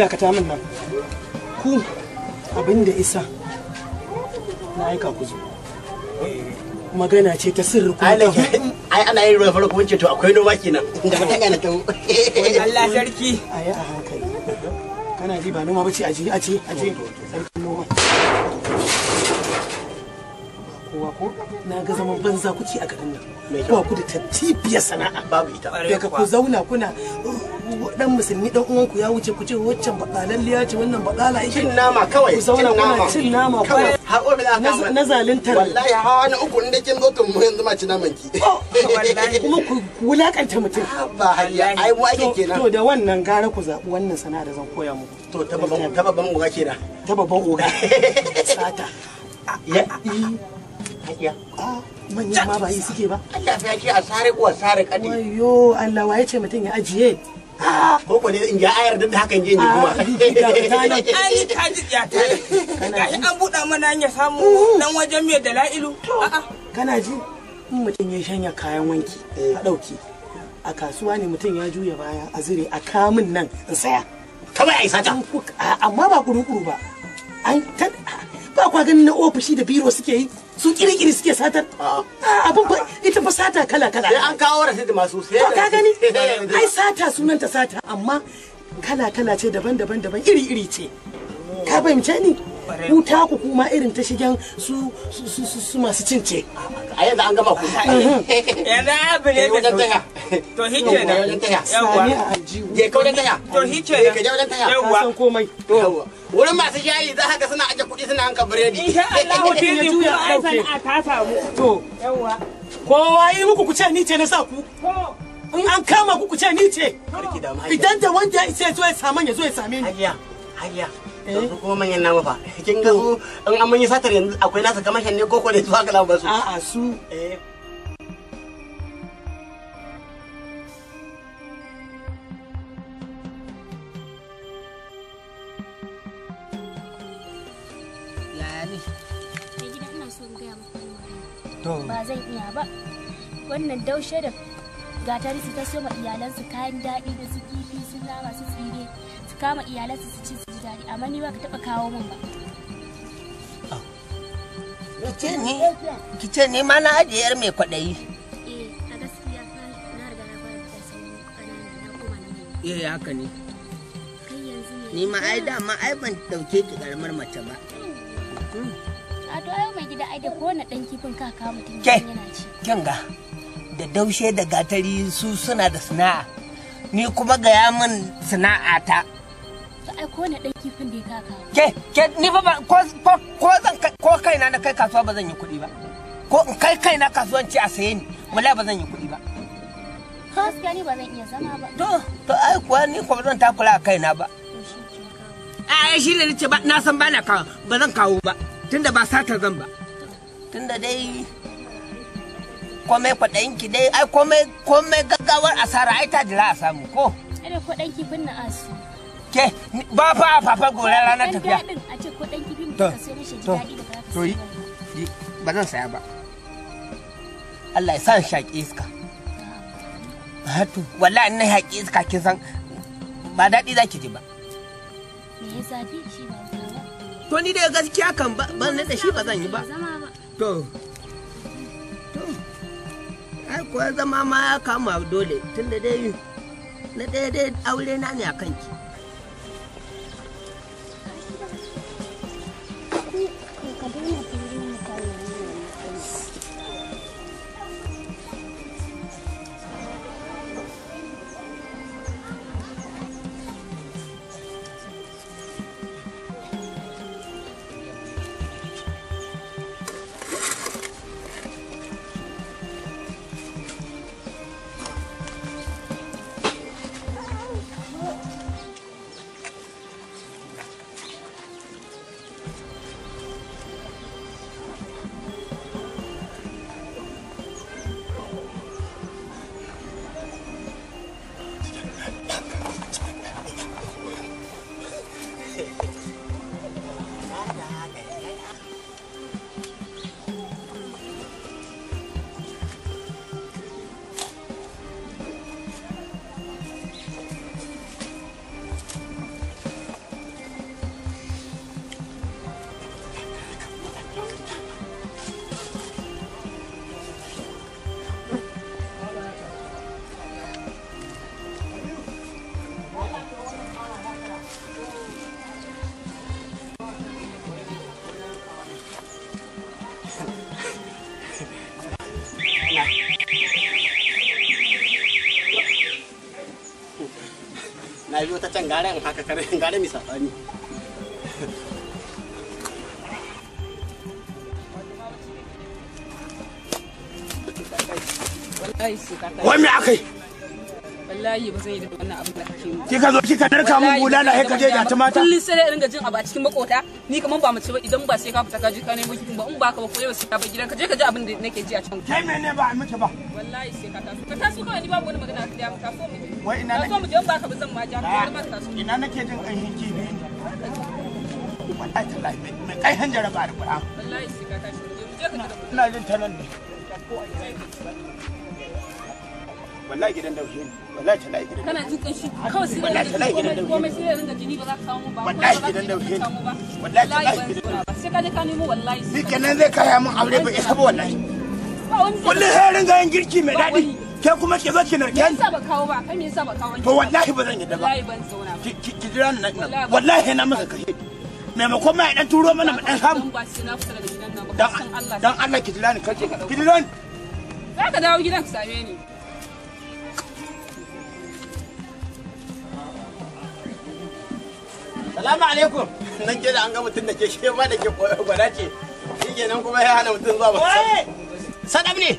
dakata min nan ku abin da isa na aika ku zo magana ce ta sirri ku ai ana yin ruwa farko wacce to akwai noma kenan da ta gane ta Allah sarki ai a haka kana ji ba noma bace aje aje aje sarkin noma kowa ko na ga zaman banza kuke a garin nan ba ku da tattibiyar sana'a babu ita daga ku zauna kuna dan musulmi dan ku ya wuce ku ce waccan bakalalliya ce wannan bakala yake cin nama kawai cin nama cin nama kawai har ko da ka na zaluntar wallahi ha wani uku inda kin zo kan mu yanzu ma ci naman ki oh, wallahi kuma ku wulakanta mutum ba hariya ai wa ake kenan to da wannan gara ku zabi wannan sana'a da zan koya muku to ta babban ta babban oga kenan ta babban oga sata ya hayya manya ma ba yi suke ba Allah ya ce a sare uwa sare kadi wayo Allah waye ce mutum ya ajiye ko ko ne in ga ayar da haka in je in kuma ah, ai ka ji ya ta gashi an buɗa mana hanya samu dan mm. wajen mai da la'ilu. kana ji in mutum ya shanya kayan wanki eh. a ɗauki a kasuwa ne mutum ya juya baya a zire a kamun nan in saya kawai a sata. amma ba kuru-kuru ba ba kwa ganin na ofishi da biro suke yi su kirikiri suke satar ah, abin ba ita ba sata kala kala eh, sai an kawo rasu da masu sai to ka gani eh, ai sata sunanta sata amma kala kala ce daban daban daban iri iri ce ka fahimce ni ku ta ku kuma irin ta shigen su su su su masu cince a yanzu an gama ku yanzu abu ne wajen tanya to hice na wajen tanya yawa je ka wajen tanya to hice na ka je wajen tanya yawa san komai to wurin masu shayi za ka suna aje kuɗi suna hanka biredi insha Allah ku ne ku a san a ta samu to yawa kowa yi muku ku ce ni ce na sa ku in an kama ku ku ce ni ce idan da wanda ya isa ya zo ya samu ya zo ya same ni hajiya hajiya su eh? kuma manyan nama fa kin ga su in an manyi satar yanzu akwai nasa kamashin ne koko ne su haka lamu su a'a su eh. ba zan iya ba wannan daushe da gata ta soma ma iyalansu kayan daɗi da su kifi su nama su tsire kama iyalansa su ci su ji daɗi amma ni ba ka taɓa kawo min ba. Kice ni, kice ni ma na ajiyar yar mai kwaɗayi. Eh, a gaskiya na riga na fara da sauri na koma na Eh, haka ne. Ni ma ai ma ai ban ɗauke ki ƙaramar mace ba. A to ai mai gida ai da kowane ɗan kifin ka mutum yana ci. Kin ga da daushe da gatari su suna da sana'a. Ni kuma gaya min sana'ata. ta. ai ko na dan kifin da ka kawo. ke ke ni fa ba ko ko zan ko kaina na kai kasuwa ba zan yi kuɗi ba ko in kai kaina kasuwanci a saye ni wallahi ba zan yi kuɗi ba gaskiya ni ba zan iya zama ba to to ai kuwa ni kuma ba zan takura a kaina ba a ai shi ne nace ba na san ba na kawo ba zan kawo ba tunda ba sata zan ba tunda dai komai kwaɗayin ki dai ai komai komai gaggawar asara ai ta jira a samu ko ai da kwaɗanki kifin na asu ke ba fa a fafa gora ranar tafiya to to yi ba zan saya ba Allah ya sa shaƙi iska hatu wallahi na shaƙi iska kin san ba daɗi za ki ji ba to ni da gaskiya kan ban da shi ba zan yi ba to to ai kuwa zama ma ya kama dole tunda dai na ɗaya dai aure na ne a ki. Thank you. ta can garen haka kare gare mi sabani wai me akai wallahi ba zan yi da wannan abin da kake mu kika zo kika narka mun gula na haika je da mata kullun sai dai ringa jin abu a cikin makota ni kaman ba mace ba idan ba sai ka fita ka je ka nemo kitin ba in ba ka ba ko yau sai ka bar gidan ka je ka ji abin da nake ji a can kai mene ba a miki ba wallahi sai ka taso ka taso kawai ni babu wani magana da ya taso mu wai ina nake mu je ba ka ah, ina nake jin kibi wallahi tallahi mai da wallahi ka mu je ka da ina jin ta ne gidan daushe ne wallahi tallahi gidan kana jin kawai sai wallahi tallahi gidan komai sai jini ba za ka samu ba gidan ne wallahi tallahi gidan sai ka je ka zai kaya mun aure ba isa ba wallahi kullum sai ringa yin girki mai daɗi sai kuma ke zo ki narke ni. Me yasa ba kawo ba? Kai me yasa ba kawo? To wallahi ba zan yadda ba. Wallahi ban zauna Ki jira ni nan. Wallahi na maka kashe. Maimakon ma ya dan turo mana mu dan samu. Dan Allah ki jira ni kace. Ki jira ni. Za ka dawo gidan ka same ni. Salamu alaikum. Nan ke da an ga mutum da ke shi ma da ke gwada ce. Shi kenan kuma ya hana mutum zuwa ba. Sadam ne.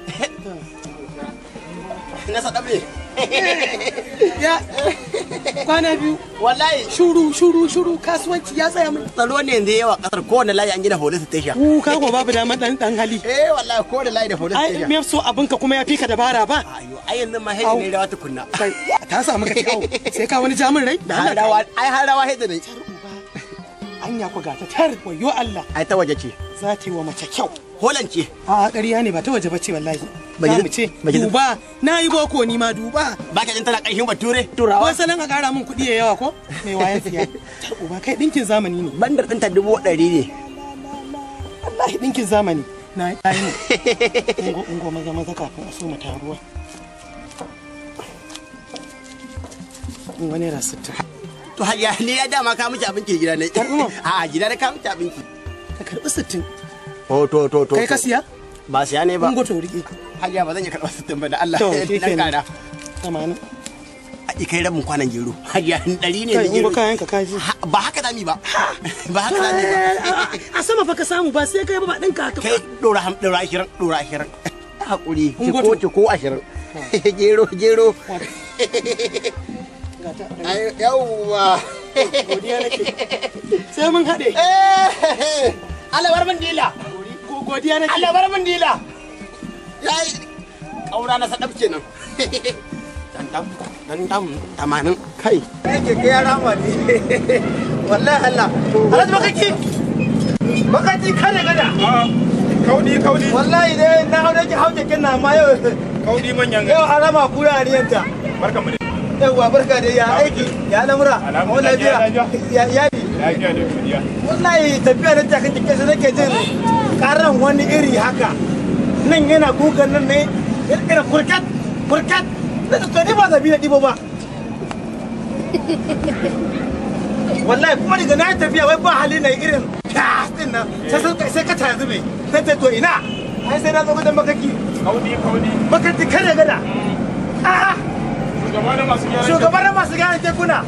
na sadabre ya kwana biyu wallahi shuru shuru shuru kasuwanci ya tsaya mun tsaro ne yanzu yawa kasar ko layi an gina police station ku ka ko babu da dan dan hali eh wallahi ko layi da police station ai me so abin ka kuma ya fika dabara ba ayo ai yanzu ma hedi ne rawa tukunna ta samu ka ciwo sai ka wani jamin rai da rawa ai har rawa ne anya ku ga ta tar wayo Allah ai ta waje ce za ta yi wa mace kyau holan ce a ƙarya ne ba ta waje bace wallahi ba mu ce duba na yi boko ni ma duba ba ka jin tana ƙarfin bature turawa Ko sanan ka ƙara min kuɗi ya yawa ko mai waye siya tar uba kai ɗinkin zamani ne bandar ɗinta dubu ɗari ne wallahi ɗinkin zamani na yi ne ngo maza maza kafin a so ruwa taruwa wani rasittin to ya ne ya dama ka miki abinki gida ne a gida da ka miki abinki ka karbi sittin to to to to kai ka siya ba siya ne ba mun goto rike hajiya ba zan iya karba sittin ba da Allah ya kara tamanin haɗi kai rabin kwanan gero hajiya ɗari ne da gero kayan ka kashi ba haka zami ba ba haka zami ba a sama fa ka samu ba sai kai ba ɗin ka kai ɗora ɗora ashirin ɗora ashirin hakuri ki ko ki ko ashirin gero gero yawwa godiya nake sai mun haɗe eh, eh, eh. alabar mun godiya nake alabar ƙaura na kenan tamanin kai yake ga yara ma wallahi Allah alhaji makaki makaki kare gada ah, kaudi kaudi wallahi dai na aure ki hauke kina ma yau kaudi manyan yau harama kura ariyanta barkamu yawwa barka da ya aiki ya lamura ko lafiya ya yadi wallahi tafiya na takan jikin sa nake jin karan wani iri haka nan yana kukan nan ne irin kurkat kurkat na to ni ba zabi na dibo ba wallahi kuma daga na tafiya wai ba hali na irin kastin nan sai ka tare zube sai ta to ina ai sai na zo gudan makaki kaudi kaudi makaki kare gada a'a ah! shugabanin masu gyaran tekuna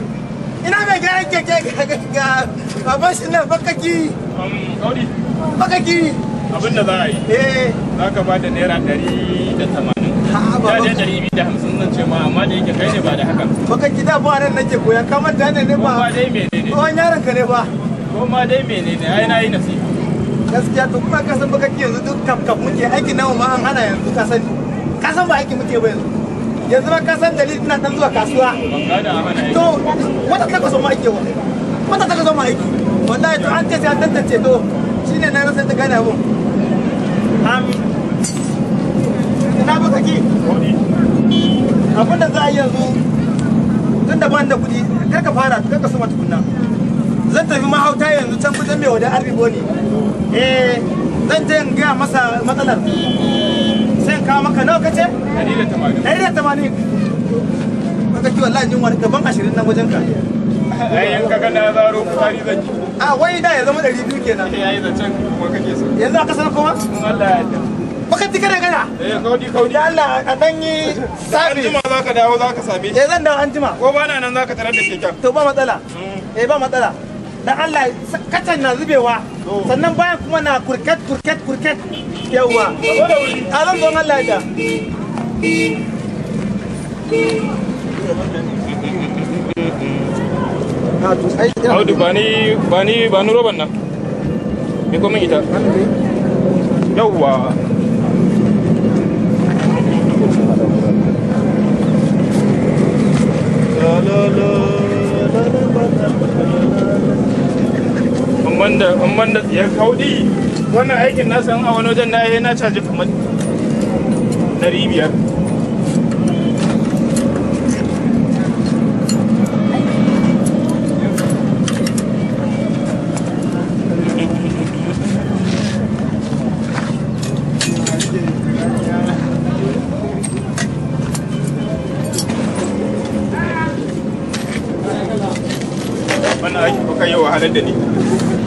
ina mai gyaran keke ga babban shi nan bakaki bakaki abin da za a yi eh. za ka ba da naira dari da tamanin ya ne biyu da hamsin zan ce ma amma da yake kai ne ba da haka bakaki da ba nan nake koya kamar da ne ba ba dai menene wani yaron ka ne ba ko ma dai menene ai na yi nasi gaskiya to kuma ka san bakaki yanzu duk kafkafu muke aiki nawa ma an hana yanzu ka sani ka san ba aiki muke ba yanzu yanzu ma ka san dalilin na dan zuwa kasuwa to wata ta ma maiki wa wata ta ma aiki wallahi to an ce sai an tantance to shine na rasa ta gana abun am ina baka ki abin da za a yi yanzu tun da ban da kuɗi kar ka fara kar ka suma tukunna zan tafi mahauta yanzu can kusan mai wadan arziki ne eh zan je in gaya masa matsalar kawo maka nawa kace? 180 baka ki wallahi jin wani gaban 20 nan wajen ka yayin eh, ka ga na zaro fitari zan ki a wai da ya zama 200 kenan eh, yayi can kuma kake so yanzu aka san kuma Allah ya yarda baka tika da gana eh kaudi kaudi Allah a dan yi sabi anjima zaka dawo ka same eh zan dawo juma. ko ba na nan za ka tarar da keken to ba matsala mm. eh ba matsala dan Allah kacan na zubewa sannan bayan kuma na kurket kurket kurket yawa alon zo Allah da Audu ba ni ba ni ba ni roban nan. Me komin ita? Yawwa. in da ya kaudi wannan aikin na san a wani wajen na yi na caji kamar 500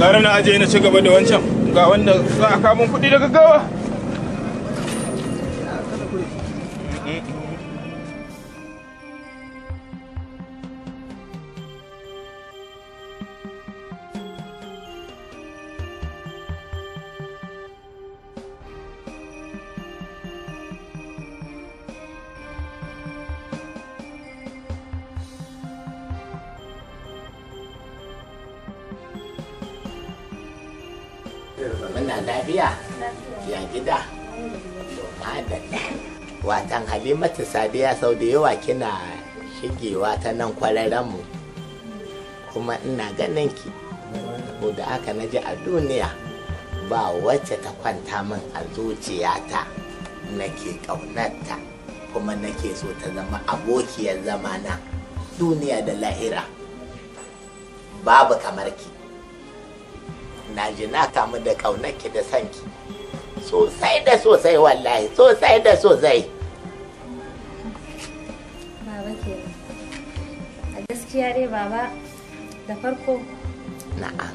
gara na aje na ci gaba da wancan ga wanda za a kamun kuɗi da gaggawa biya sau da yawa kina shigewa ta nan kwararren mu kuma ina ganin ki ko da aka naji a duniya ba wacce ta kwanta min a zuciyata nake ƙaunarta kuma nake so ta zama abokiyar zamana duniya da lahira babu kamar ki na ji na kamu da ƙaunarki da sanki sosai da sosai wallahi sosai da sosai gaskiya baba da farko na'am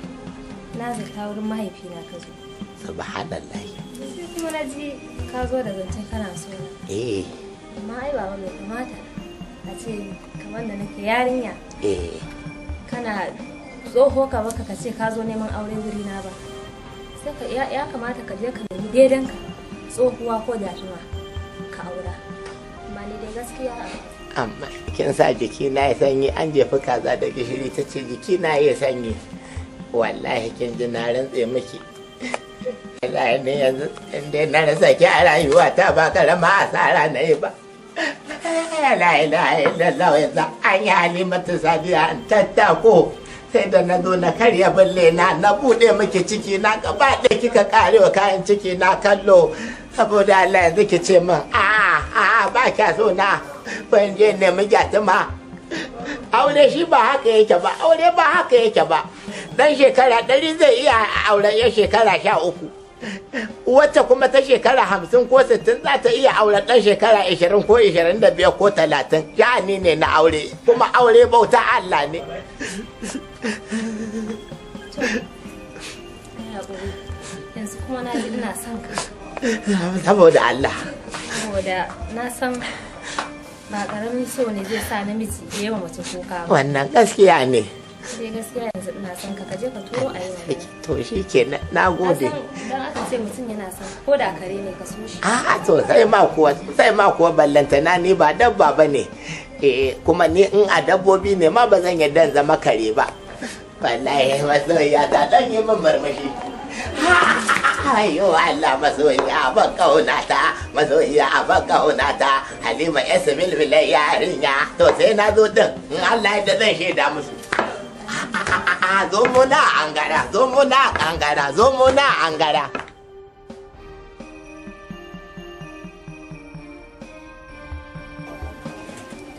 na zata wurin mahaifina ka zo subhanallah sai kuma na ji ka zo da zancen kana so eh amma ai baba mai kamata a ce kamar da nake yarinya eh kana tsoho ka baka ka ce ka zo neman aure wuri na ba sai ya kamata ka je ka nemi ka tsohuwa ko jatuma ka aura amma ni dai gaskiya amma kin sa jiki na ya sanyi an jefi kaza da gishiri ta ce jiki na ya sanyi wallahi kin ji na rantse miki ne yanzu inda na rasa ki a rayuwa ta ba karama asara na yi ba la ilaha illallah yanzu an yi halimatu sadiya an tattako sai da na zo na karya balle na na bude miki ciki na gaba da kika karewa kayan ciki na kallo saboda Allah yanzu ki ce min a a ba kya so na ban je ne mu aure shi ba haka yake ba aure ba haka yake ba dan shekara ɗari zai iya auren ya shekara sha uku wacce kuma ta shekara hamsin ko sittin za ta iya auren ɗan shekara ishirin ko ishirin da biyar ko talatin sha'ani ne na aure kuma aure bauta Allah ne yanzu kuma na ji ina son ka saboda Allah saboda na san ba karamin so ne zai sa namiji da yawa mace kuka ba wannan gaskiya ne shi gaskiya yanzu ina son ka kaje ka turo a yi wannan to shi ke na gode don aka ce mutum yana son ko da kare ne ka so shi a'a to sai ma kuwa sai ma kuwa ballantana ni ba dabba bane eh kuma ni in a dabbobi ne ma ba zan yarda zama kare ba wallahi masoyiya ta dan yi min marmashi ha Ayo Allah masoyiya ban kaunata masoyiya ban nata Halima ya sabil bilai yarinya to sai na zo din in Allah ya zan shaida musu. Zo muna angara, zo muna angara, zo muna angara.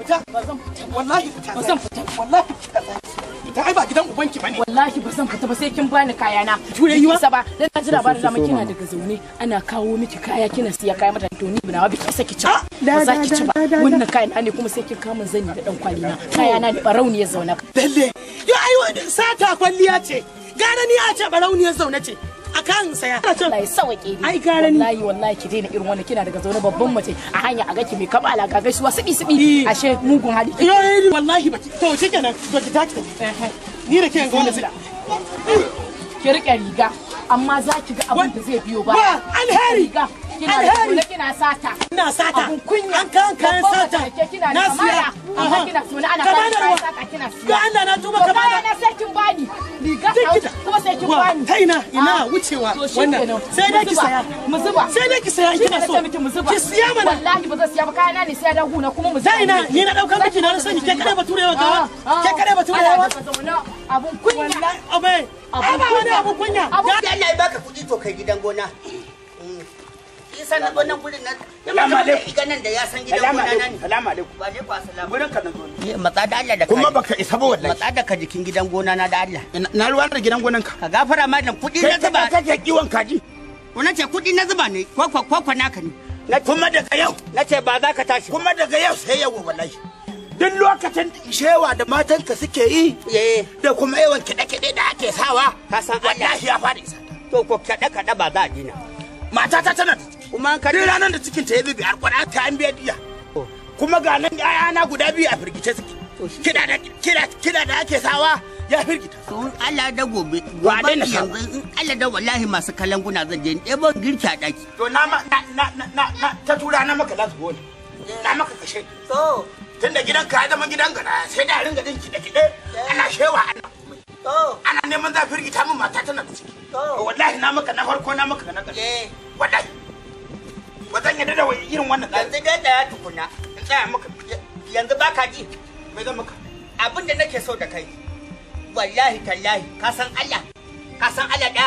Fita, ba zan fita, wallahi fita, ba zan fita, wallahi fita. fita ai ba gidan ubanki bane wallahi ba zan fita ba sai kin bani kaya na jure yiwa ba dan na ji labarin da kina daga zaune ana kawo miki kaya kina siya kaya mata to ni bina ba ki saki ci ba za ki ci ba wannan kaya na ne kuma sai kin kama zani da dan kwali na kaya na barauni ya zauna lalle yo ai sata kwalliya ce gane ni a ce barauni ya zauna ce a kan saya wallahi sawake ne ai garan wallahi wallahi ki daina irin wannan kina daga zaune babban mace a hanya a gaki mai kaba ga gaisuwa sibi sibi eh. ashe mugun hali eh, wallahi baki to kenan to ki taki eh, ni da kiyan ga wanda sila ki rike riga amma za ki ga abin da zai biyo ba alheri alheri kina sata an kan kayan sata na siya amma kina sona ana na sai kin bani riga kuma sai kin bani ta ah. sai dai ki saya mu kina so ki siya mana wallahi ba siya ba kayana ne sai da guna kuma mu zuba ina na daukar miki na sani ke kada bature wa gawa ah, ah. ke kada bature wa abun kunya wallahi abun kunya abun kunya dan Allah ya baka kuɗi to kai gidan gona isa na gonan gurin nan ya ma da iga nan da ya san gidan gona nan salamu alaikum wa alaikum assalam gurin ka nan gona matsa da Allah da kuma baka isa ba wallahi matsa da ka jikin gidan gona na da Allah na ruwan da gidan gonan ka ka gafara malam kudi na zuba kai kake kiwon kaji wannan ce kudi na zuba ne kwakwa kwakwa naka ne kuma daga yau nace ba za ka tashi kuma daga yau sai yau wallahi duk lokacin shewa da matanka suke yi eh. da kuma yawan kiɗe-kiɗe da ake sawa ka san Allah ya fara isa to ko kiɗe-kiɗe ba za a dina matata tana da. kuma ka duk ranar da cikin ta ya zube alƙur'an ta an biya diya kuma ga nan ayana guda biyu a firgice suke kida da kida kida da ake sawa ya firgita to Allah da gobe gobe na yanzu in Allah da wallahi masu kalanguna zan je ɗebo girki a daki to na na na na ta tura na maka last goal na maka kashe to tunda gidan ka zama gidan ka sai da ringa jin kiɗe kiɗe eh. ana shewa ana ana neman za firgita min mata tana da ciki to wallahi na maka na farko na maka na ƙarshe eh. wallahi ba zan yadda da irin wannan yanzu dai da ya tukuna in tsaya maka yanzu ba ka ji me zan maka abin da nake so da kai wallahi tallahi ka san Allah ka san Allah da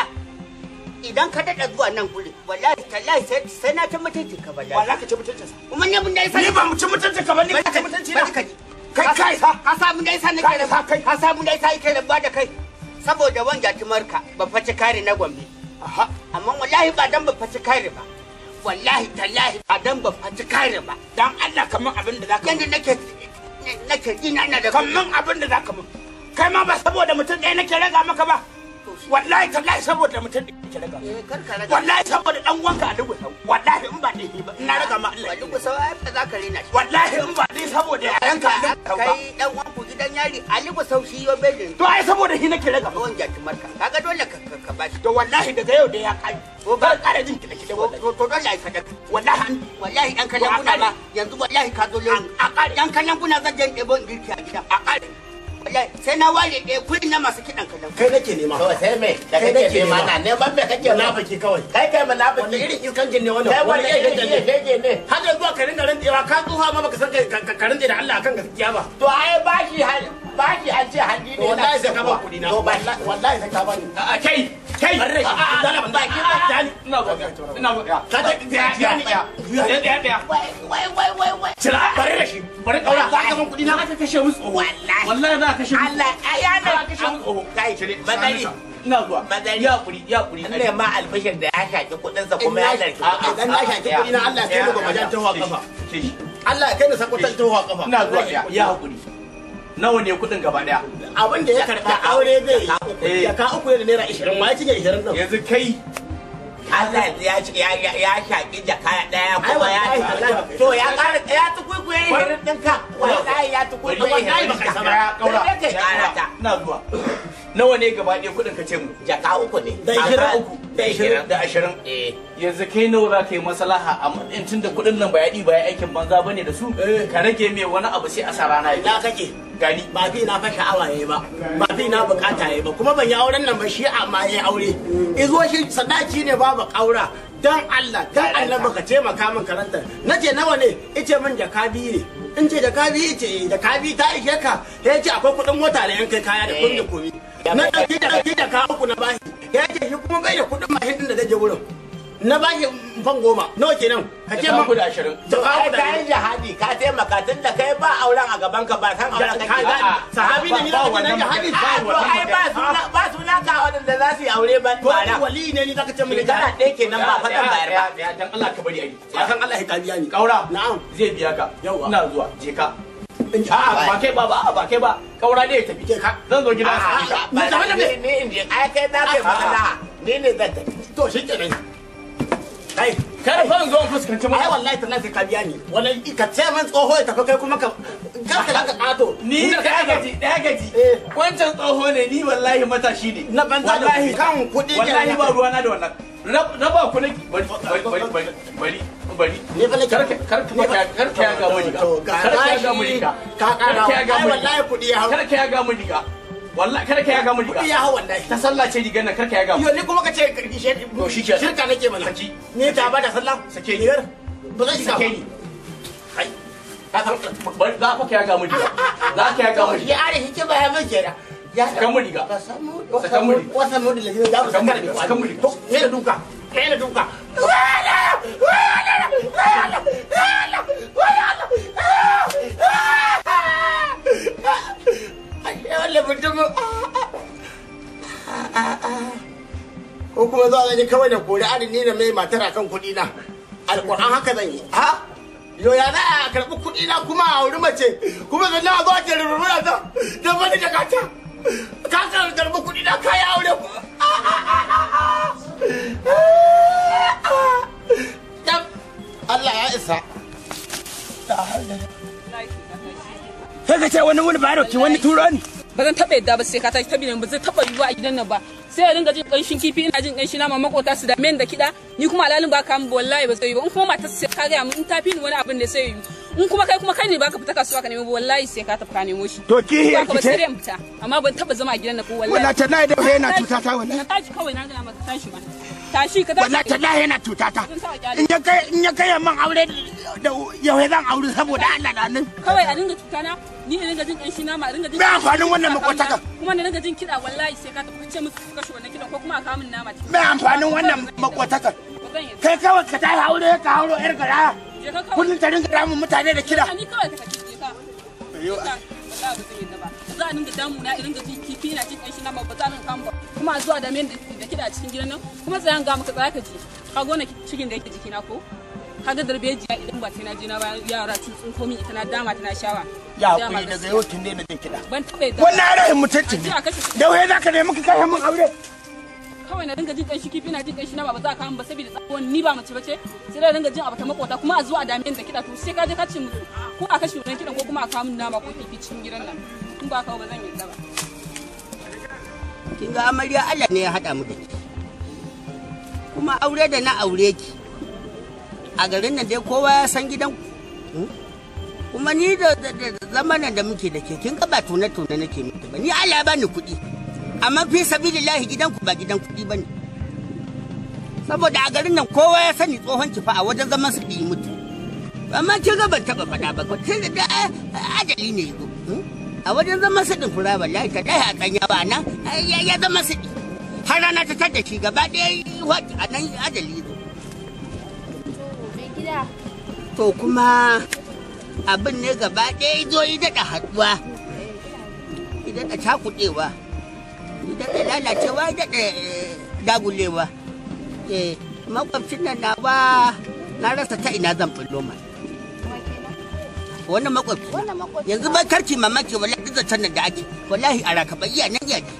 idan ka dada zuwa nan guri wallahi tallahi sai na ta mutunci ka wallahi wallahi ka ci mutuncin sa kuma ne mun dai sai ba mu ci mutuncin ka ba ka ci mutunci na kai kai ka sa mun dai sai nake da kai ka sa mun dai sai kai da ba da kai saboda wanda timarka ba fa ci kare na gombe amma wallahi ba dan ba fa ci kare ba wallahi tallahi a dan ban faci kare ba dan Allah kaman abin da zaka yanda nake nake ina ina da kaman abin da zaka mun kai ma ba saboda mutum ɗaya nake raga maka ba wallahi tallahi saboda mutum da yake raga eh, wallahi saboda dan wanka a dubu wallahi in ba da ba ina raga ma Allah dubu sau ai ba za ka rena shi wallahi in ba dai saboda yayanka a dubu kai dan wanku gidan yari a dubu sau shi yo bai to ai saboda shi nake raga don jaki marka kaga dole ka ka ba shi to wallahi daga yau da ya kai ko ba kare jin ki da to dole ai sadaka wallahi an wallahi dan kallon kuna ma yanzu wallahi ka zo lewu a kare dan kallon kuna zan je in girki a gida a kare sai na ware ɗaya kuɗin na masu kiɗan kalam kai nake nema to sai me da kake nema na neman me kake na baki kawai kai kai mana baki irin iskan ne wannan kai wani irin gege ne har da zuwa karin garin tsewa ka tsufa ma baka san karin da Allah kan gaskiya ba to ai bashi bashi an ce hanji ne wallahi sai ka ba kuɗi na wallahi sai ka ba ni a kai ya ka ya wai wai wai bare shi bare ka na ka kashe ka kashe Allah ya kashe kai zuwa ya kuri ya kuri ma da ya shaki kudin ya na na zuwa ya hakuri nawa ne kudin gaba daya abin da ya karɓa aure zai yi ya eh. ka uku yadda naira ishirin ma ya cinye ishirin nan. yanzu kai Allah ya ya shaƙi jaka ɗaya kuma ya to ya ƙara ya ya ishirin ɗinka wallahi ya tukuku ya ishirin ɗinka sai dai kai ƙara ta ina zuwa nawa ne gaba ɗaya kuɗin ka ce mu jaka uku ne da ishirin uku da ishirin da ashirin eh. yanzu kai nawa za ka yi maslaha a matsayin tun da kuɗin nan ba ya ba ya aikin banza bane da su eh. ka rage mai wani abu sai a sa rana ya kake gani ba fi na fa sha'awa yayi ba ba fi na bukata yayi ba kuma ban yi auren nan ba shi amma ya aure hmm. izo shi sadaki ne babu kaura dan Allah dan Allah baka taimaka min karantar nace nawa ne ice min jaka biyu ne in ce jaka biyu ce eh, jaka biyu ta ishe ka ya ce akwai kuɗin mota da yan kai kaya da kundi komi na ɗauki da ɗauki da ka uku na bashi ya ce shi kuma bai da kuɗin mashin da zai je wurin na bashi fan goma nawa kenan ka ce ma da ashirin to ka ka yi jihadi ka taimaka tun da kai ba auren a gaban ka ba san auren kake ba sahabi ne yana wannan jihadi to ai ba suna ba suna ka waɗanda za su yi aure ba ko wali ne ni zaka ce mu kana ɗaya kenan ba fadan bayar ba dan Allah ka bari ai san Allah ya biya ni kaura na'am zai biya ka ina zuwa je ka a ba kai ba ba ba kai ba kaura ne ya tafi ke ka zan zo gida a ba ta hada ne ni in je ai kai da kai magana ni ne zan tafi to shi kenan kai kai fa zo fuskanci ma ai wallahi tallahi sai ka biya ni wallahi ka ce man tsoho ya tafi kai kuma ka garka da ka kato ni da gaji da gaji eh. wancan tsoho ne ni wallahi matashi ne na banza wallahi kan kudi wallahi ba ruwana da wannan raba ku ne bari bari bari bari karka ya ga muni ka karka ya ga muni ka ka kara ai wallahi kudi karka ya ga muni wallahi karka ya ga muni ya ta sallah ce digan nan karka ya ga yo ni kuma ka ce shi ke shirka nake mana ne ta sallah sake ni ba zan sake ni ai za ka ya ga muni ka za ka ya ga muni ya are hikima ya mun kenan sakan mu riga sakan mu riga da lafiya da da da duka ko kuma za a gani kawai da kori adin ne da mai matar akan kuɗi na alƙur'an haka zan yi ha yo ya za a karɓi kuɗi na kuma a wuri mace kuma sannan a zo a ce rurrura ta don bani da ka karɓi kuɗi na kayi aure ku ya isa sai ka ce wani wani bayar wani turan ba zan taɓa yadda ba sai ka tashi tabi ba zai taɓa yiwuwa a gidan nan ba sai ya dinga jin ƙanshin kifi ina jin ƙanshin nama makota su da men da kiɗa ni kuma alalin ba ka mu wallahi ba sai ba in kuma matar sai ka gaya mu in ta fi ni wani abin da sai yi in kuma kai kuma kai ne ba ka fita kasuwa ka nemi ba wallahi sai ka tafi ka nemo shi to ki hiya ki ce amma ban taɓa zama a gidan nan ko wallahi wallahi ta na da yana tuta ta wallahi na tashi kawai na ga maka tashi ba tashi ka tashi wallahi tallahi yana cuta ta in ya kai ya man aure da yau zan aure saboda Allah da nan kawai a dinga tuta na ni ne dinga jin kanshi na ma dinga jin Me amfanin wannan makwataka kuma ne dinga jin kida wallahi sai ka tafi ce musu ka shi wannan kidan ko kuma a kawo min nama Me amfanin wannan makwataka kai kawai ka tashi aure ka aure yar gara kullun ta dinga damun mutane da kida ni kawai ka tafi ka ba za a dinga damuna irin da jin kifi na jin kanshi na ma ba za a dinga kamba kuma zuwa da men da kida a cikin gidan nan kuma tsayan ga muka tsaya ka ji ka gona cikin da yake jikina ko ka ga darbejiya idan ba na je na ba yara tun tsun komi ita na dama tana shawa ya hakuri daga yau kin daina jin kida ban taɓa yadda wannan rahin mutunci ne da waye zaka nemi ka kai mun aure kawai na dinga jin shi kifi na jin shi na ba za ka ba saboda tsawon ni ba mace bace sai da dinga jin abu ta makota kuma a zuwa dame da kida to sai ka je ka ce mu ko a kashe wannan kidan ko kuma a kawo min nama ko kifi cikin gidan nan in ba ka ba zan yi ba kin ga amarya Allah ne ya haɗa mu da ki kuma aure da na aure ki a garin nan dai kowa ya san gidan hmm? kuma ni da zamanan da muke da ke kin ga ba tona-tona nake miki ba ni Allah ya bani kuɗi amma fi sabilillahi gidanku ba gidan kuɗi bane saboda a garin nan kowa ya sani tsohon ki fa a wajen zaman su bi mutu amma kin ga ban taba faɗa ba ko tun da eh, ajali ne ya a wajen zama sadin fura wallahi ta ɗaya a tsanya ba nan ya zama siɗi har rana ta tada shi gaba ɗaya a nan adali zo. To kuma abin ne gaba ɗaya zo yi daɗa haɗuwa idan daɗa cakuɗewa idan daɗa lalacewa yi daɗa eh, dagulewa. Eh, Makwabcin nan ba na rasa ta ina zan ɓullo mana. wannan makwabci yanzu bai karki mamaki wallahi duk zaton da ake wallahi a rakaba iya nan yaji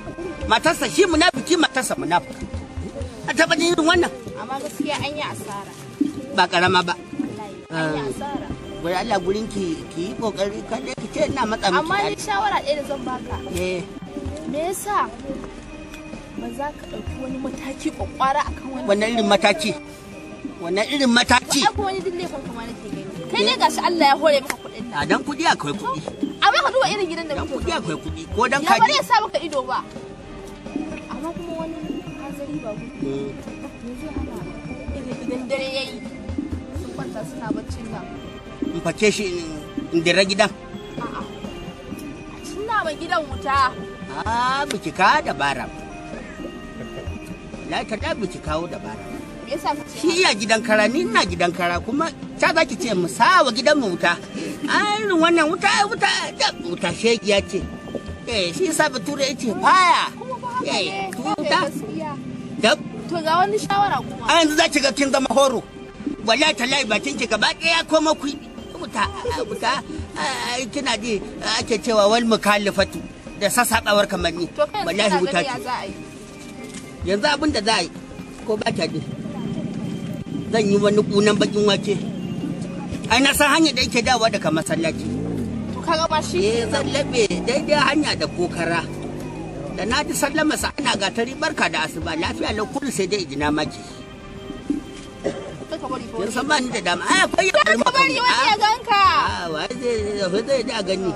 matarsa shi munafiki matarsa munafiki a taɓa jin wannan amma gaskiya an yi asara ba karama ba ah, wai Allah gurin ki ki yi kokari kada ki ce ina matsa miki amma ni shawara ɗaya da zan baka eh me yasa ba za ka ɗauki wani mataki kwakwara akan wannan wannan irin mataki wannan irin mataki akwai wani dille kan kamar nake gani kai ne gashi Allah ya hore maka kuɗin nan a dan kuɗi akwai kuɗi amma ka duba irin gidan da muke kuɗi akwai kuɗi ko dan ya bari ya sa maka ido ba amma ba ku shi in suna ma gidan wuta a ah, biki ka dabara kawo dabara shi iya gidan kara ni ina gidan kara kuma ta za ki ce mu sawa gidan mu wuta irin wannan wuta wuta wuta ya ce eh shi yasa bature eh, ba baya eh wuta dab to ga wani shawara kuma a yanzu za ki ga kin zama horo wallahi tallahi bakin ki gaba daya ko ku wuta wuta kina ji ake cewa wal mukallafatu da sassaɓawar kamanni wallahi wuta ce yanzu abin da za a yi ko ba ta zan yi wani kunan bakin wake ai na san hanyar da yake dawa daga masallaci to kaga ba shi eh zan labe daidai hanya da kokara da na ji sallama sa ana gatari barka da asuba lafiya lau kullu sai dai idina maki kin san ba ni da dama ai akwai ya kalma ka bari wani ya ganka a ah, wai zai zai da gani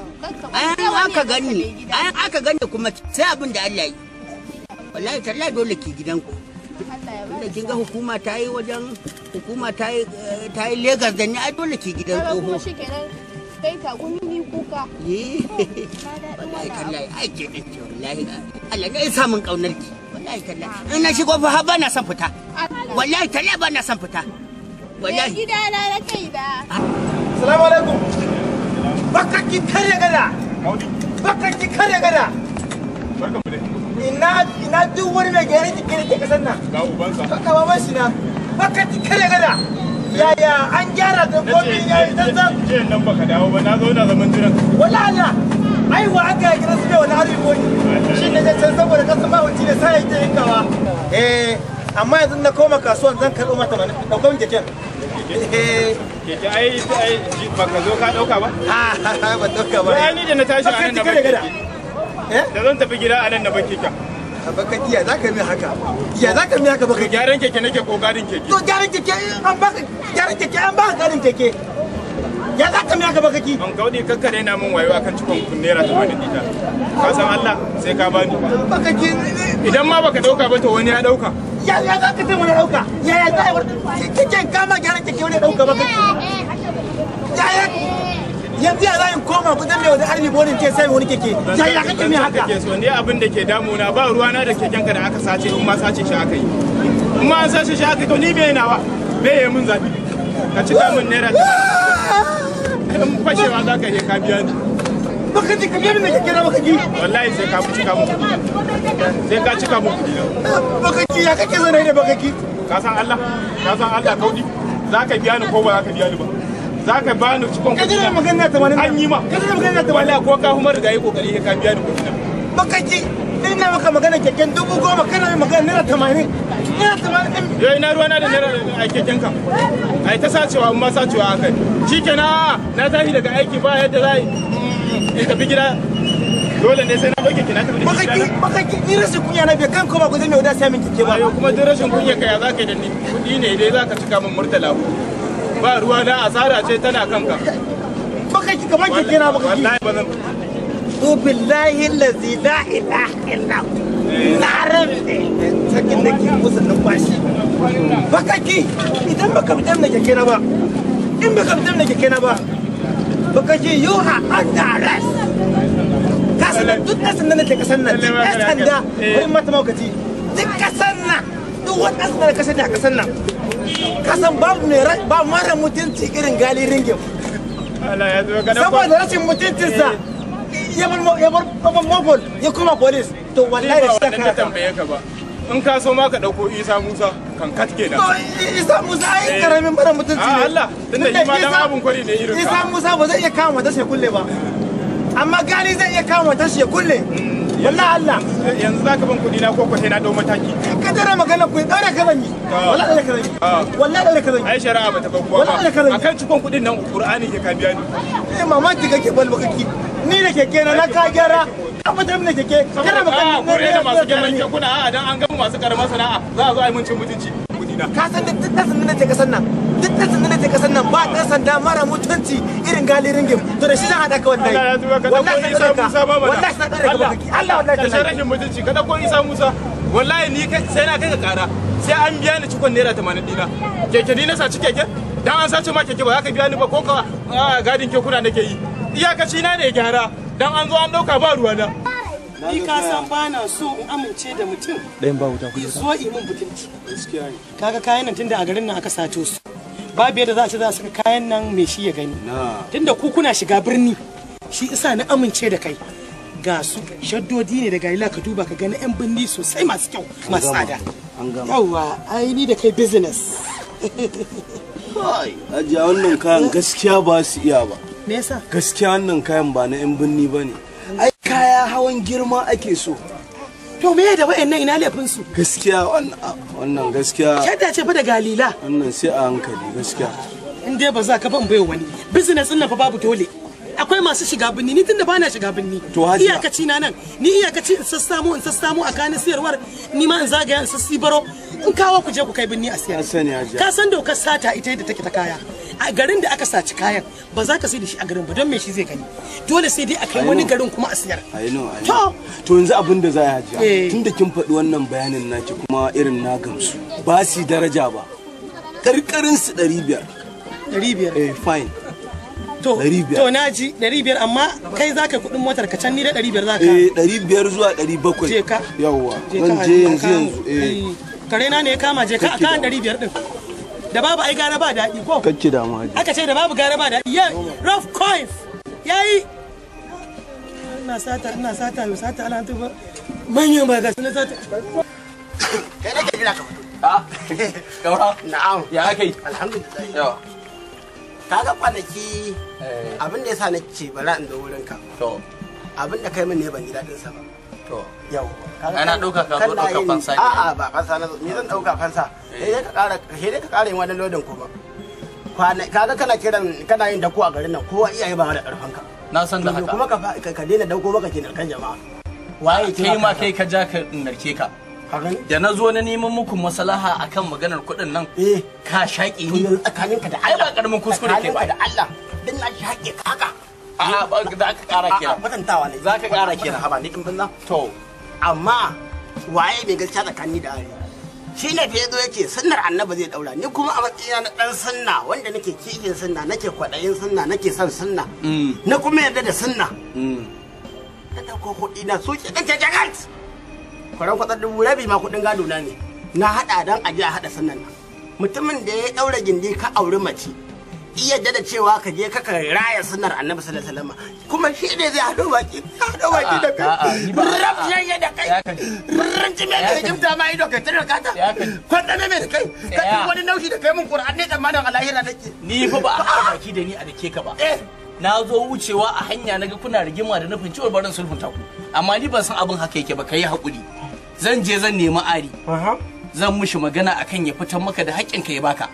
ai aka gani ai aka gani kuma sai abin da Allah yi wallahi tallahi dole ki gidanku Allah ya kin ga hukuma ta yi wajen hukuma ta yi legas da ni ai dole ke gidan tsoho kai ta gumi ni kuka eh wallahi kallahi ai Allah ne ya samu kaunar ki wallahi kallahi ah. in na shigo fa ba na san ah. fita wallahi kallahi ba na san fita wallahi gida na na kai da ah. assalamu alaikum baka ki kare gada baka ki kare gada ina ina duk wani mai gari ki kare ta kasan nan ga ubansa baka baban shi na baka kare gada yaya an gyara da komi ya yi zanzan jiya nan baka dawo ba na zo na zaman jiran wala Allah ai wa aka yi gidan su bai wani arziki shi ne da can saboda kasan mahauci ne sai ta yankawa eh amma yanzu na koma kasuwan zan karɓo mata mana ɗaukar keken keke ai ai baka zo ka ɗauka ba a ah, ba ɗauka ba ai ni da na tashi a nan da baki eh? da zan tafi gida a nan da baki ka baka iya za ka mi haka iya za ka mi haka baka gyaran keke nake keke to gyaran keke an baka gyaran keke an baka garin keke ya za ka mi haka baka ki ban gaudi kakka na mun wayo akan cikon dita ka san Allah sai ka bani baka ki idan ma baka dauka ba to wani ya dauka ya ya za ka taimaka dauka ya ya za ka kike kama gyaran keke wani dauka baka ki ya ya yanzu ya zayin koma kudin mai wani arni bonin ke sai wani keke yaya kake mai haka ni abin da ke damuna ba ruwana da keken ka da aka sace in ma sace shi aka yi in ma sace shi aka yi to ni me nawa me ya mun zafi ka ci kamun naira in fashewa za ka yi ka biya ni baka ji kamar da kake na baka ji wallahi sai ka ci kamun sai ka ci kamun baka ji ya kake zanai da baka ji ka san Allah ka san Allah kaudi za ka biya ni ko ba za ka biya ni ba za ka bani cikon kuɗi na magana tamanin an yi ma ka zama magana tamanin wala ko ka kuma riga yi kokari ka biya ni kuɗi na baka ji ina maka magana keken dubu goma kana mai magana naira tamanin naira tamanin yau ina ruwa na da naira a keken ka ai ta sacewa amma sacewa haka shikenan na tashi daga aiki ba yadda za mm, in tafi gida dole ne sai na baki kina tafi da gida baka ki ni rashin kunya na bai kan ko ba ku zai mai wada sai min kike ba kuma duk rashin kunya ka ya zaka da ni kudi ne dai zaka cika min murtala ku. ba ruwa na asara ce tana kanka baka ki kamar ki na baka ki wallahi bazan to billahi allazi la ilaha illa na ne, sakin da ki musu numfashi baka ki idan baka fitar da keke na ba in baka fitar da keke na ba baka ki ha an under ras. ka sanar duk ɗan sanda na ke kasan nan duk ɗan sanda wani mata maukaci duk kasan nan duk wani ɗan da na kasan nan kasan babu mai ba mara mutunci irin gali ringin saboda rashin mutuncinsa ya bar babban mobile ya kuma polis to wallahi da shi ta tambaye ka ba in ka so ma ka dauko Isa Musa kan kat da. Isa Musa ai karamin eh. mara mutunci ne ah, Allah tunda shi ma dan abun kwari ne irin ka Isa Musa ba zai iya kama wata shi kulle ba amma gali zai iya kama wata shi kulle hmm. wallahi Allah eh, yanzu zaka ban kuɗi na ko ko sai na dau mataki ka dare magana ku dare ka zanyi ah. wallahi dare ka zanyi ah. wallahi dare ka zanyi ai shari'a bata ban kuwa ba akan cikon kuɗin nan Qur'ani ke ka biya ni eh mamaki kake balba kake ni da keke na na ka gyara tabbatar mun da keke ka dare magana ku ne da masu gyaran kekuna a'a dan an ga masu karamar sana'a za a zo a yi mun cin mutunci kuɗi na ka san da tattasin nan ka san nan duk ɗan sanda kasan nan ba ɗan sanda mara mutunci irin gali ringin to da shi zan haɗa ka wallahi wallahi na ɗaga ka wallahi na ɗaga ka Allah wallahi ka rashin mutunci kada ko Isa Musa wallahi ni sai na kai ka ƙara sai an biya ni cikon naira tamanin ɗina keke ni na saci keke dan an sace ma keke ba za ka biya ni ba ko ka gadin kekuna nake yi iyakaci na ne gyara dan an zo an ɗauka ba ruwa na. ni ka san ba so in amince da mutum ɗayan ba wuta kuma zo yi min butulci kaga kayan nan tunda a garin nan aka sato su babu yadda za su za su kayan nan mai shi ya gani tunda ku kuna shiga birni shi isa na amince da kai ga su shaddodi ne da ila ka duba ka gani yan birni sosai masu kyau masu tsada yawwa ai ni da kai business ajiya wannan kayan gaskiya ba su iya ba me yasa gaskiya wannan kayan ba na yan birni ba ne ai kaya hawan girma ake so to me da wa'annan ina laifin su gaskiya wannan ah, gaskiya shadda ce fa da galila wannan sai a hankali gaskiya in dai ba za ka ban bai wani business din fa babu dole akwai masu shiga binni ni tunda bana shiga binni to hajiya iyakaci na nan ni iyakaci in sassamo in sassamo a kanin siyarwar ni ma in zagaya in sassi baro in kawo ku je ku kai binni a siya ka san dokar sata ita yadda take ta kaya a garin da aka saci kayan ba za ka sai da shi a garin ba don me shi zai gani dole sai dai a kai wani garin kuma a siyar to to yanzu abin da za a hajiya eh. tunda kin faɗi wannan bayanin naki kuma irin na gamsu ba shi daraja ba karkarin su 500 500 eh fine to to naji 500 amma kai zaka kudin motar ka can ni da 500 zaka eh 500 zuwa 700 je ka yawwa zan je yanzu yanzu eh kare na ne kama je ka a kan biyar din da babu ai gara ba daɗi ko kacce da ma aka ce da babu gara ba daɗi ya rough coins yayi ina sata ina sata yo sata ala tuba manyan ba ga sunan sata kai ke jira ka fito a gaura na'am ya kai alhamdulillah yawa kaga kwanaki eh. abin da yasa nake bara in zo wurinka to abin da kai mun ne ban ji din sa ba to yau ana ɗauka ka zo ɗauka fansa a'a ba fansa na zan ɗauka fansa eh. sai ka ƙara ka ƙara yin wani lodin kuma kwana kaga kana kiran kana yin dako a garin nan kowa iyaye ba da ƙarfin ka na san da haka kuma ka ka daina dauko maka kinar kan jama'a waye kai ma kai ka ja ka narke ka da na zo na neman muku masalaha akan maganar kuɗin nan eh. ka shaƙi ni tsakaninka da Allah ai ba karamin kuskure ke ba da Allah din na shaƙe ka a a'a za ka ƙara kira mutuntawa ne za ka ƙara kira haba ni in to amma waye mai gaskiya tsakani da ari shi ne fa yazo yake sunnar annabi zai daura ni kuma a matsayina na dan sunna wanda nake kikin sunna nake kwadayin sunna nake son sunna mm. na kuma yarda da sunna mm. na dauko kuɗi na so ki kace jagat kwaran kwatsar dubu rabi ma kuɗin gado na ne na hada dan aje a hada sunnan mutumin da ya daura gindi ka aure mace yadda da cewa ka je kaka raya sunar annabi sallallahu alaihi wasallam kuma shi ne zai hado baki hado baki da kai rab yayya da kai ranci me kai kimta ma ido kai tare ta kwanda me da kai ka duk wani naushi da kai mun qur'an ne tsammanin alahira nake ni fa ba a hada baki da ni a dake ka ba eh. na zo wucewa a hanya naga kuna rigima da nufin cewa barin sulhunta ku amma ni ban san abin haka yake ba kai hakuri zan je zan nemi ari zan mushi magana akan ya fitar maka da haƙƙinka ya baka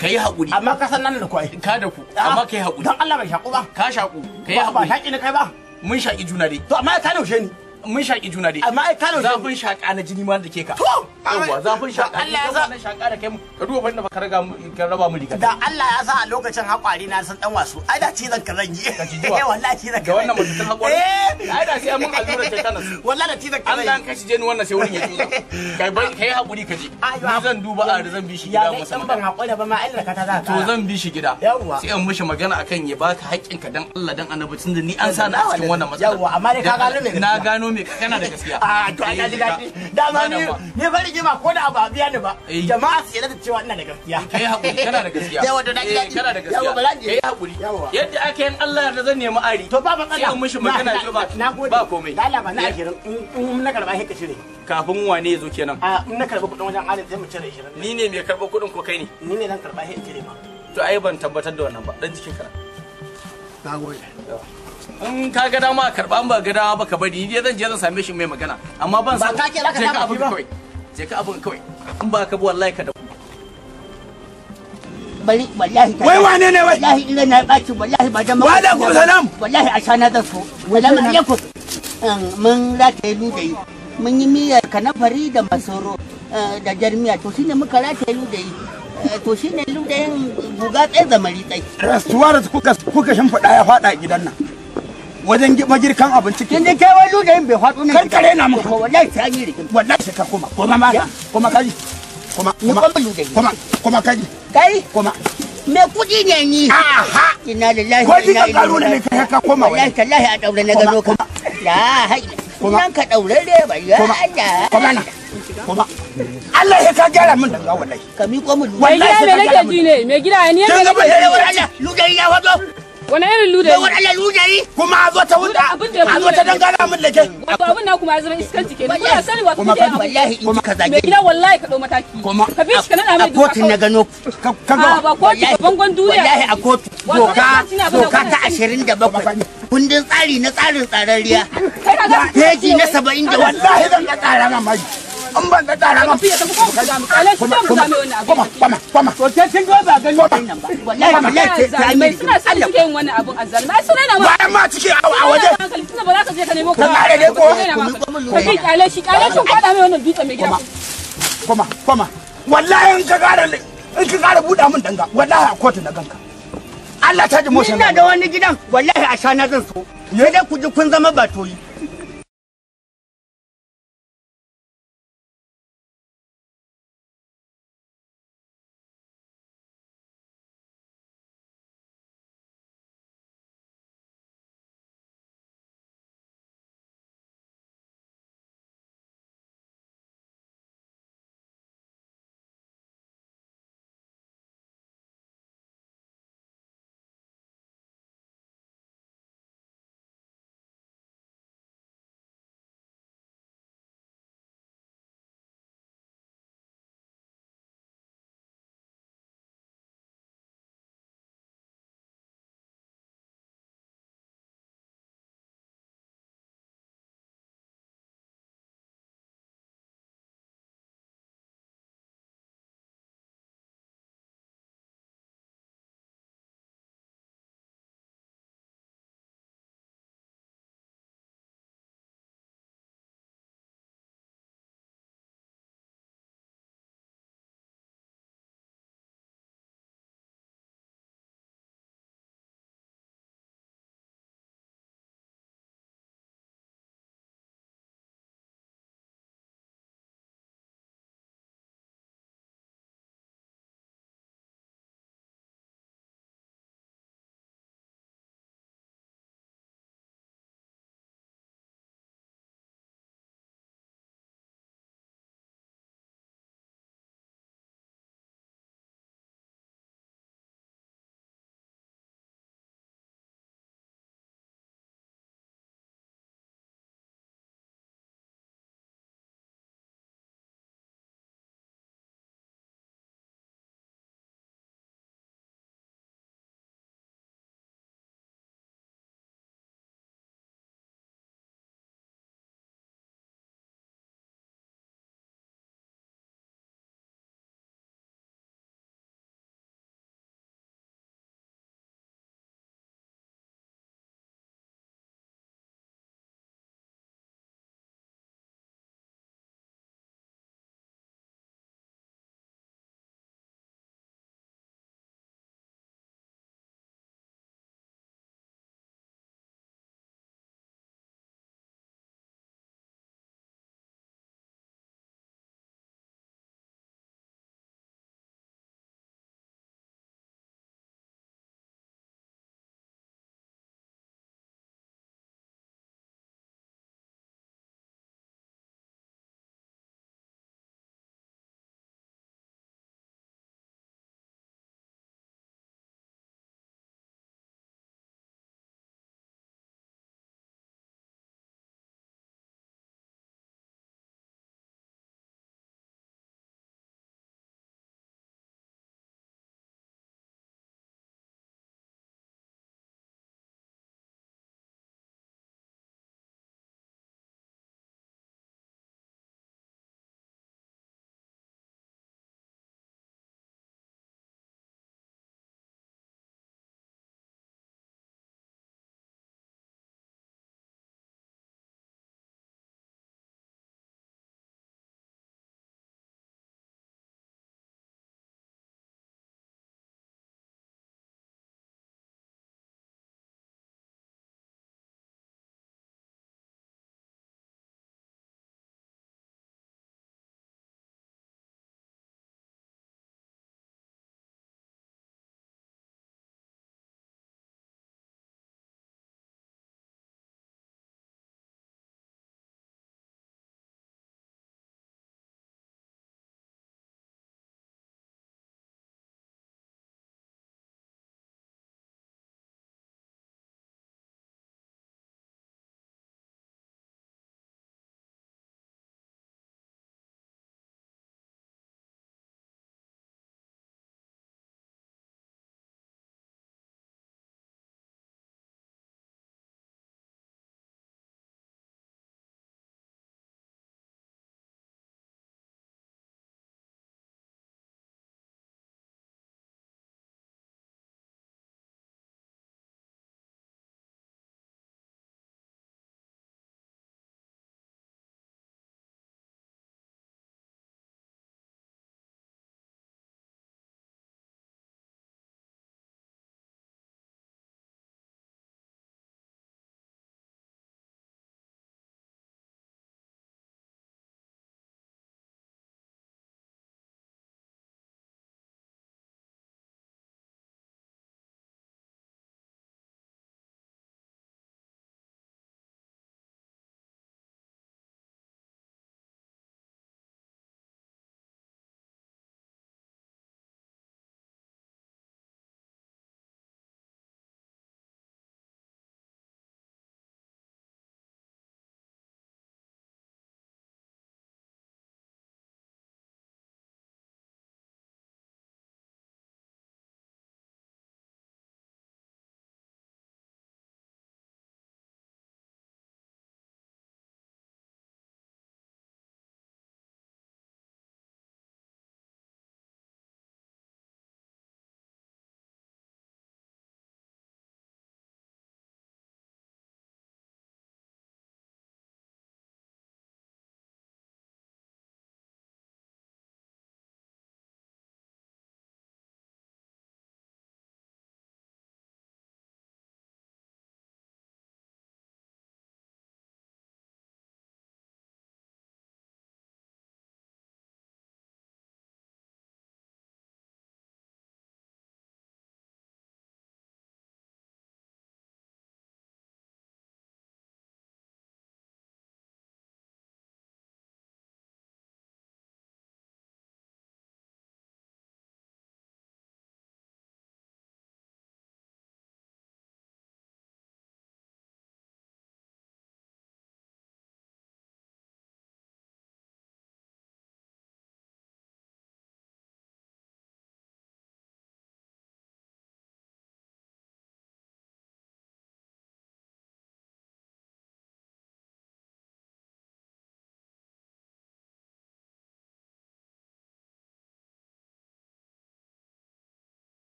ka yi haƙuri amma ka san nan da kwaye. ka da ku ah, amma ka yi haƙuri dan Allah bai shaƙu ba ka shaƙu ka yi haƙuri ba shaƙi ne kai ba mun shaƙi juna dai to amma ya daushe ni mun shaƙi juna dai amma ai kalo zafin shaƙa na jini ma da ke ka to yawa zafin shaƙa Allah ya sa na shaƙa da kai mu ka duba banda baka raga mu ka raba mu riga da Allah ya sa a lokacin hakwari na san dan wasu ai da ci zan ka Ka jiwa. eh wallahi ci zan ka wannan mutum hakwari eh ai da sai mun alura ce kana wallahi da ci zan ka zangi Allah ka shije jini wannan sai wurin ya tuzo kai bai kai hakuri ka ji. ni zan duba a da zan bi shi gida masa ya ban hakuri ba ma Allah ka ta za to zan bi shi gida yawa sai an mishi magana akan ya baka haƙƙinka dan Allah dan annabi tunda ni an sa na cikin wannan matsala yawa amma dai ka gano me na gano gano kana da gaskiya a to ko biya ba eh. jama'a su yarda cewa ina da gaskiya eh, kai yadda ake yin Allah yarda zan nemi ari to ba matsala sai magana ji ba ba na a na eh. karba ah, kudin wajen alin mu cire ni ne mai karba kudin ko kai ne ni ne zan karba ma to ai ban tabbatar da wannan ba dan jikin kana nagode in ka ga dama karba ba ga dama ba ka bari ni zan je zan same shi mai magana amma ban san ka ke zaka ka abin je ka abun kawai in ba ka bi wallahi ka da bari wallahi wai wane ne wai wallahi ina na baki wallahi ba da wa da ku salam wallahi a na da ku wallahi mun ku mun rataye yi da yi mun yi miyar kanafari da masoro eh, da jarmiya to shine muka rataye yi eh, da yi to shi ne yin buga tsaye mari tsaye. Rastuwa da kuka shimfiɗa ya faɗa gidan nan. wajen magirkan abinci kin din kai wani da yin bai faɗo ne karkare na muku wallahi sai yi rikin wallahi sai ka koma koma ma koma kaji koma koma koma koma kaji kai koma me kudi ne ni aha inna lillahi wa inna ilaihi raji'un ne kai ka koma wallahi tallahi a daure na gano ka la hai nan ka daure re ba ya Allah koma na koma Allah ya ka gyara min daga wallahi ka mi ko mu wallahi me nake ji ne me gida ne ne ga Allah lugai ya wato wani irin luda ne wani luda ne kuma a zo ta wuta a zo ta dangana min ke wato abin na kuma ya zama iskanci ke kuna sani wato kuma kan wallahi in ka zage mai gida wallahi ka dau mataki kuma ka bi shi ka nada mai duka kotun na gano ka ga ba kotu bangon duniya wallahi a doka doka ta 27 kundin tsari na tsarin tsararriya peji na 71 wallahi zan tsara an da kuma kuma kuma wallahi da in ka gara in ka gara buɗa min danga wallahi a kotu na ganka Allah ta ji motsin ina da wani gidan wallahi a shana zan so ne dai ku ji kun zama batoyi